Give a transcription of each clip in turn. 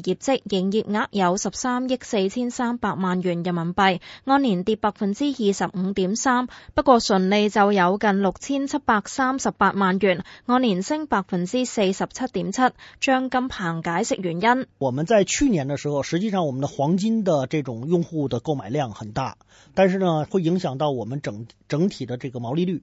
業績、營業額有十三億四千三百萬元人民幣，按年跌百分之二十五點三。不過純利就有近六千七百三十八萬元，按年升百分之四十七點七。張金鵬解釋原因：我們在去年的時候，實際上我們的黃金的這種用戶的購買量很大，但是呢，會影響到我們整整體的這個毛利率。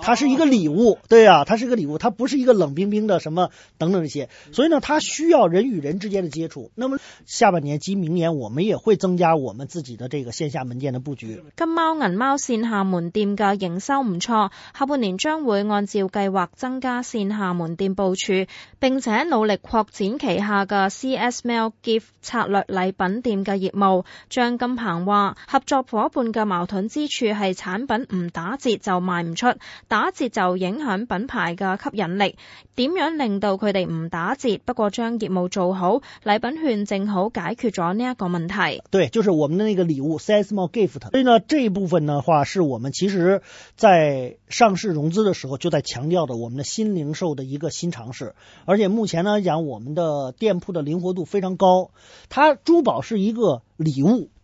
它是一個禮物，對呀、啊，它是一個禮物，它不是一個冷冰冰的什麼等等這些，所以呢，它需要人與人之間的接觸。那麼下半年及明年，我們也會增加我們自己的這個線下門店的布局。金貓銀貓線下門店嘅營收唔錯，下半年將會按照計劃增加線下門店部署，並且努力擴展旗下嘅 CS Mail Gift 策略禮品店嘅業務。張金鵬話，合作伙伴嘅矛盾之處係產品唔打折就賣唔出。打折就影響品牌嘅吸引力，點樣令到佢哋唔打折？不過將業務做好，禮品券正好解決咗呢一個問題。對，就是我們的那個禮物，CSMall Gift。所以呢，這一部分的話，是我們其實在上市融資的時候就在強調的，我們的新零售的一個新嘗試。而且目前呢講，我們的店鋪的靈活度非常高。它珠寶是一個禮物。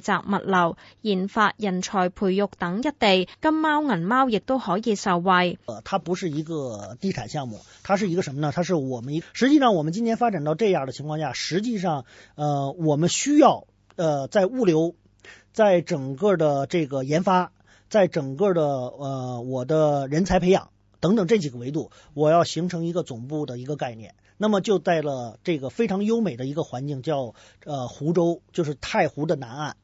集物流、研發、人才培育等一地，金貓銀貓亦都可以受惠。呃，它不是一個地產項目，它是一個什麼呢？它是我們實際上我們今年發展到這樣的情況下，實際上，呃，我們需要，呃，在物流，在整個的這個研發，在整個的，呃，我的人才培養等等這幾個維度，我要形成一個總部的一個概念。那麼就在了這個非常優美的一個環境，叫，呃，湖州，就是太湖的南岸。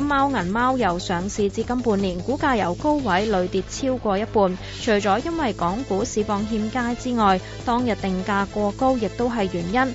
貓銀貓由上市至今半年，股價由高位累跌超過一半。除咗因為港股市況欠佳之外，當日定價過高亦都係原因。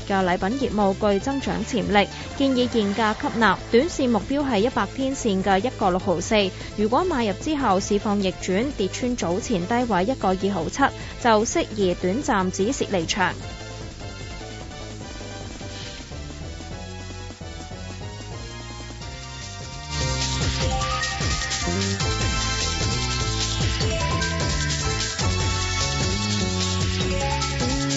嘅禮品業務具增長潛力，建議現價吸納，短線目標係一百天線嘅一個六毫四。如果買入之後市況逆轉，跌穿早前低位一個二毫七，就適宜短暫止蝕離場。